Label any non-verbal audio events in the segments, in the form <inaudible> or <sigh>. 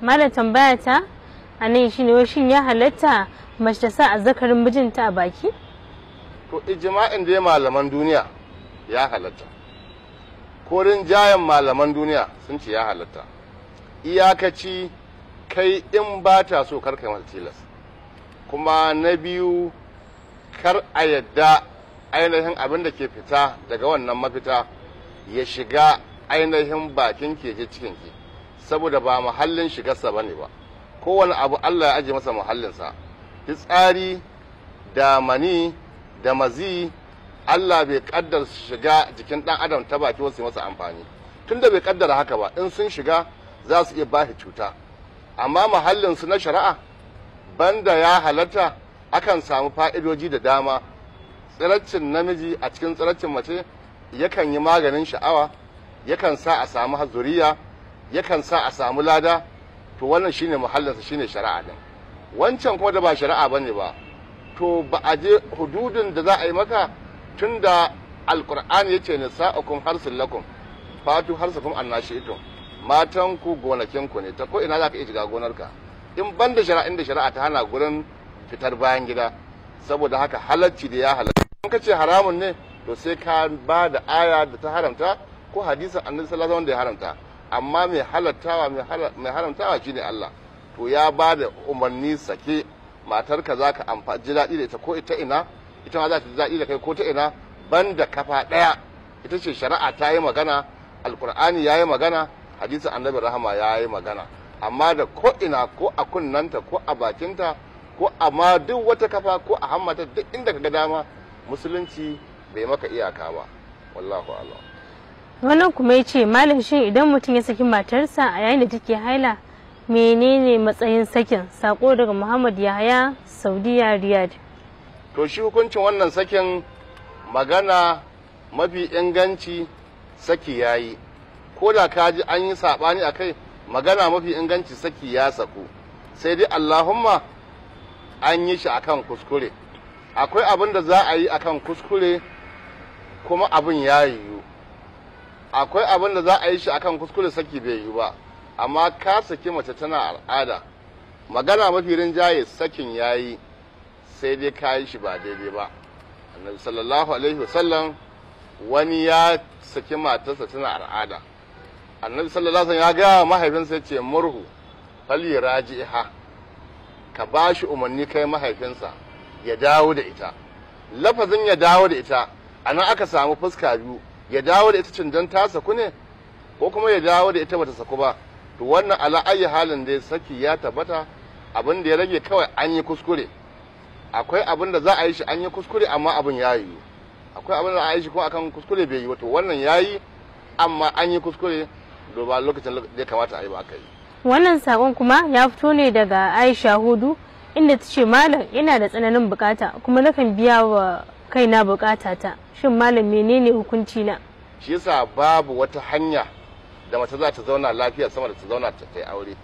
malam tambaya ta a nan shi ne shin ya halatta mace ta sa azzakarin mijinta a baki to ijma'in da malaman duniya ya halatta ko jayan malaman duniya sun ce ya halatta iyakaci kai in ba ta so karka mata tilas kuma na biyu kar a yadda ainihin abin da ke fita daga wannan mafita ya shiga ainihin bakin keke cikin ke saboda ba muhallin shigarsa ba ne ba kowane abu Allah ya aje masa muhallinsa fitsari da mani da mazi Allah bai kaddar shiga jikin dan adam ta baki wasu masa amfani tunda bai kaddara haka ba in sun shiga za su iya ba cuta amma muhallin na shari'a banda ya halatta akan samu fa'idoji da dama tsiraccin namiji a cikin tsiraccin mace yakan yi maganin sha'awa yakan sa a samu hazuriya yakan sa a samu lada to wannan shine muhallarsa shine shari'a din wancan kuma da ba shari'a bane ba to ba a je hududun da za a yi maka tunda alqur'ani yace nisa'ukum harsun lakum fatu harsakum annashi'tum matan ku gonakin ku ne ta ko ina za ka iya shiga gonarka in ban da shari'a inda shari'a ta hana gurin fitar bayan gida saboda haka halarci da ya halarci. in ka ce haramun ne to sai ka ba da aya da ta haramta ko hadisin annabi sallallahu alaihi wasallam da ya haramta amma mai halattawa mai haramtawa shine Allah to ya ba da umarni sake matarka za ka amfani ji daɗi da ita ko ita ina ita ma za ta ji daɗi da kai ko ta ina banda kafa ɗaya ita ce shari'a ta yi magana alkur'ani ya yi magana hadisin annabi rahama ya yi magana amma da ko ina ko a kunnanta ko a bakinta ko a ma duk wata kafa ko a hammata duk inda ka ga dama musulunci bai maka iyaka ba wallahu a'lam wannan kuma ya ce malam shi idan mutum ya saki matarsa a yayin da take haila menene matsayin sakin sako daga muhammad yahaya saudiya riyad to shi hukuncin wannan sakin magana mafi inganci saki ya yi ko da ka ji an yi saɓani a kai magana mafi inganci saki ya saku sai dai allahumma an yi shi akan kuskure akwai abin da za a yi akan kuskure kuma abin ya yiwu akwai abin da za a yi shi akan kuskure saki bai yi ba amma ka saki mace tana al'ada magana mafi rinjaye sakin ya yi sai dai ka yi shi ba daidai ba annabi sallallahu alaihi wasallam wani ya saki matarsa tana al'ada annabi sallallahu alaihi wasallam ya gaya mahaifinsa ya ce murhu fali raji'iha ka ba shi umarni kai mahaifinsa ya dawo da ita lafazin ya dawo da ita a nan aka samu fuska biyu ya dawo da ita canjan ta saku ne ko kuma ya dawo da ita bata saku ba to wannan ala ayi halin da saki ya tabbata abin da ya rage kawai an yi kuskure akwai abin da za a yi shi an yi kuskure amma abin ya yi akwai abin da a yi shi ko akan kuskure bai yi wato wannan ya yi amma an yi kuskure do ba lokacin da ya kamata a yi ba aka yi wannan sakon kuma ya fito ne daga aisha hudu inda ta ce malam ina da tsananin bukata kuma nakan biya wa kaina ta shin malam menene hukunci na shi yasa babu wata hanya da mace za ta zauna lafiya sama da ta zauna ta kai aure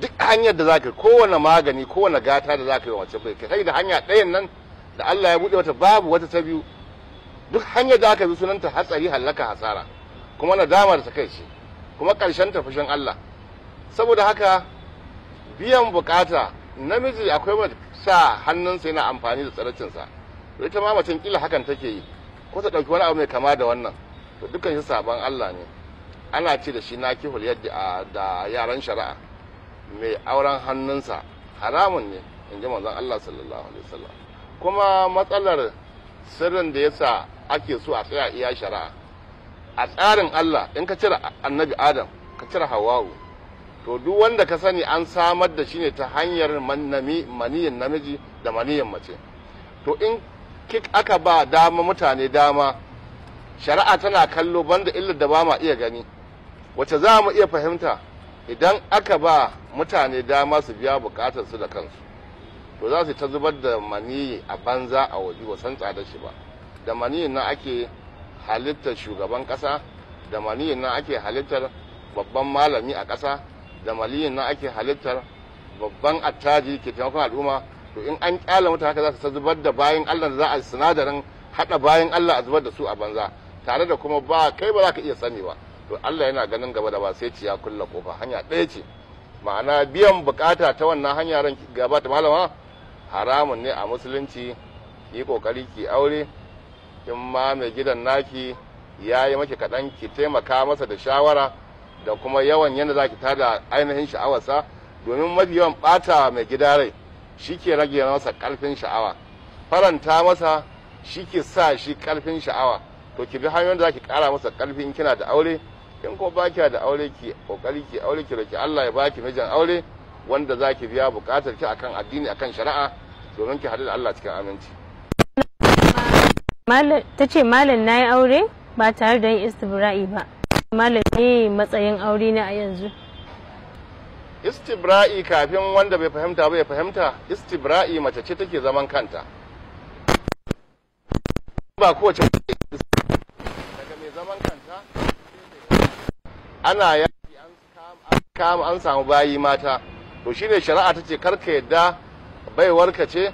duk hanyar da za ka kowane magani kowane gata da za ka yi wa bai kai da hanya ɗayan nan da Allah ya buɗe wata babu wata ta biyu duk hanyar da aka bi sunanta hatsari hallaka hasara kuma nadama da ta kai shi kuma karshen ta fushin Allah saboda haka biyan bukata namiji akwai sa hannunsa yana amfani da tsaracinsa ita ma macen kila hakan take yi ko ta dauki wani abu mai kama da wannan to dukkan shi saban Allah ne ana ce da shi nakihul yadda da yaran shari'a mai auren hannunsa haramun ne in ji manzon Allah sallallahu alaihi wasallam kuma matsalar sirrin da yasa ake so a tsaya iya shari'a a tsarin Allah in ka cire annabi Adam ka cire Hawwa'u to duk wanda ka sani an samar da shi ne ta hanyar maniyin namiji da maniyin mace to in aka ba dama mutane dama shari'a tana kallo banda illar da ba ma iya gani wace za mu iya fahimta idan aka ba mutane dama su biya bukatar su da kansu to za su ta zubar da maniyi a banza a waje ba san tsada shi ba da maniyin na ake halittar shugaban kasa da maniyin na ake halittar babban malami a kasa da maniyin na ake halittar babban attaji ke taimakon al'umma to in an kyala mutane haka za su zubar da bayan Allah da za a sinadarin hada bayan Allah a zubar da su a banza tare da kuma ba kai ba za ka iya sani ba to Allah yana ganin gaba da ba sai ci ya kulla kofa hanya ɗaya ce ma'ana biyan bukata ta wannan hanya ran gaba ta malama haramun ne a musulunci ki kokari ki aure in ma mai gidan naki ya yi maki kaɗan ki taimaka masa da shawara da kuma yawan yadda zaki ki tada ainihin sha'awarsa domin mafi yawan ɓata mai gida rai shi ke rage masa karfin sha'awa faranta masa shi ke sa shi karfin sha'awa to ki bi hanyoyin da za ki kara masa ƙarfin kina da aure in ko kina da aure ki kokari ki aure ki roki Allah ya baki mijin aure wanda za ki biya bukatar ki akan addini akan shari'a domin ki haɗu da Allah cikin aminci ta ce malam na yi aure ba tare da yin istibra'i ba malam ne matsayin aure na a yanzu istibra'i kafin wanda bai fahimta ba ya fahimta istibra'i mace ce take zaman kanta ba kowace daga mai zaman kanta ana yaki an kama an samu bayi mata to shine shari'a ta ce kar karka yadda baiwarka ce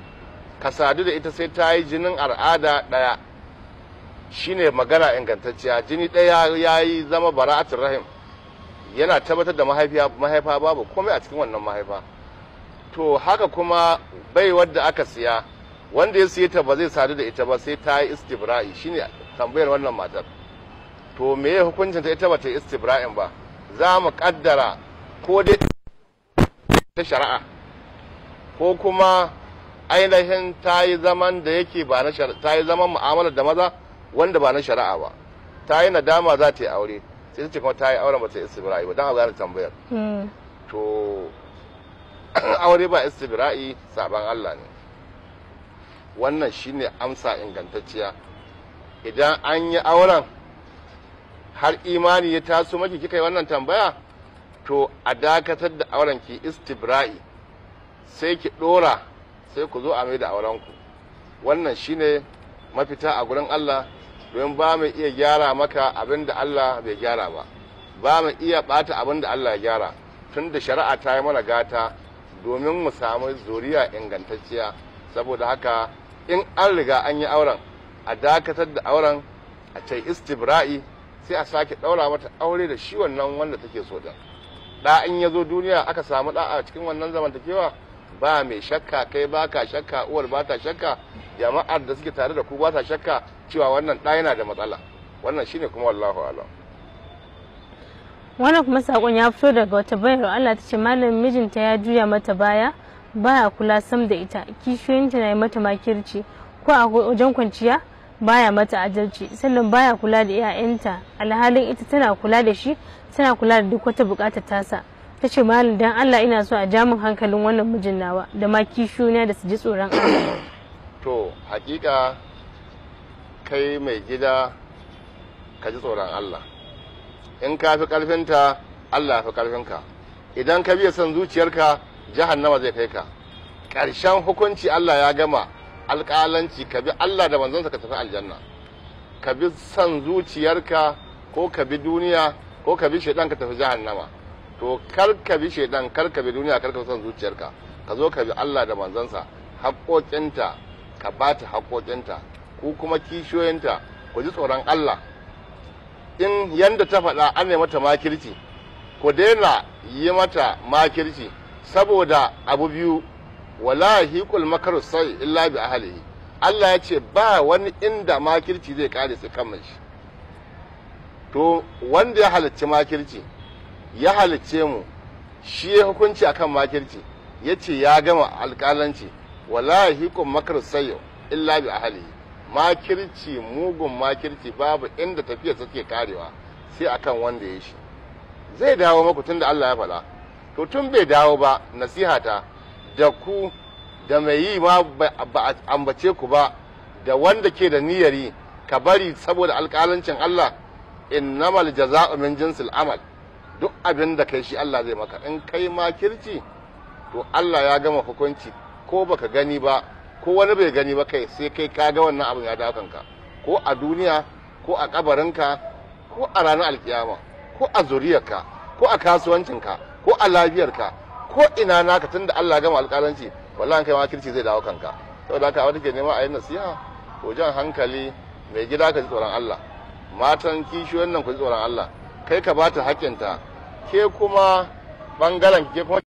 ka sadu da ita sai ta yi jinin al'ada ɗaya shine magana ingantacciya jini ɗaya ya yi zama bara'atul rahim yana tabbatar da mahaifa babu komai a cikin wannan mahaifa to haka kuma bai wadda aka siya wanda ya siya ta ba zai sadu da ita ba sai ta yi istibra'i shine tambayar wannan matar to me ya hukuncin ta ita ba ta istibra'in ba za mu kaddara ko dai ta shari'a ko kuma ainihin ta yi zaman da yake ba na ta yi zaman mu'amalar da maza wanda ba na shari'a ba ta yi nadama za ta yi aure sai ce kuma ta yi auren bata istibra'i ba dan a gane tambayar hmm. to <clears throat> aure ba istibra'i saban Allah ne wannan shine amsa ingantacciya idan an yi auren har imani ya taso maki kika yi wannan tambaya to a dakatar da auren ki istibra'i sai ki dora sai ku zo a mai da auren ku wannan shine mafita a gurin Allah don ba mu iya gyara maka abin da Allah bai gyara ba ba mu iya bata abin da Allah ya gyara tun da shari'a ta yi mana gata domin mu samu zuriya ingantacciya saboda haka in an riga an yi auren a dakatar da auren a ce istibra'i sai a sake ɗaura mata aure da shi wannan wanda take so da da in ya zo duniya aka samu da a cikin wannan zamantakewa ba mai shakka kai baka shakka uwar ba ta shakka jama'ar da suke tare da ku ba ta shakka cewa wannan ɗa yana da matsala wannan shine kuma wallahu alam wannan kuma sakon ya fito daga wata bayar Allah ta ce malam mijinta ya juya mata baya baya kula sam da ita kishiyoyinta na yi mata makirci ko a wajen kwanciya baya mata adalci sannan baya kula da 'ya'yanta alhalin ita tana kula da shi tana kula da duk wata bukatar tasa ta ce malam dan Allah ina so a ja hankalin wannan mijin nawa da ma kishuna da su ji tsoron Allah to hakika kai mai gida ka ji tsoron Allah in ka fi karfinta Allah fi karfinka idan ka biya son zuciyarka jahannama zai kai ka ƙarshen hukunci Allah ya gama alƙalanci ka bi Allah da manzonsa ka tafi aljanna ka bi son zuciyarka ko ka bi duniya ko ka bi shaidan ka tafi jahannama to karkabi bi shaidan karka bi duniya karkabi son zuciyarka ka zo ka bi Allah da manzansa haƙoƙinta ka ba ta haƙoƙinta ku kuma kishiyoyinta ku ji tsoron Allah in yanda ta faɗa an ne mata makirci ku daina yi mata makirci saboda abu biyu wala hiqul makaru sai illa bi ahlihi Allah ya ce ba wani inda makirci zai kare su kan shi to wanda ya halarci makirci ya halicce mu shi ya hukunci akan makirci ya ce ya gama alƙalanci wala kun makar sayo illa bi ahali makirci mugun makirci babu inda tafiya take karewa sai akan wanda ya shi zai dawo maku tun da Allah ya faɗa to tun bai dawo ba nasihata da ku da mai yi ma ba a ambace ku ba da wanda ke da niyyari ka bari saboda alkalancin Allah innamal jaza'u min jinsil amal duk abin da kai shi Allah zai maka in kai ma kirci to Allah ya gama hukunci ko baka gani ba ko wani bai gani ba kai sai kai ka ga wannan abin ya dawo kanka ko a duniya ko a kabarinka ko a ranar alkiyama ko a zuriyarka ko a ka ko a lafiyarka ko ina naka tunda Allah gama alƙalanci wallahi kai ma kirci zai dawo kanka saboda haka wata ke nema a yi nasiha to jan hankali mai gida ka ji tsoron Allah matan kishiyoyin nan ku ji tsoron Allah kai ka bata hakinta ke kuma bangaren ke kuma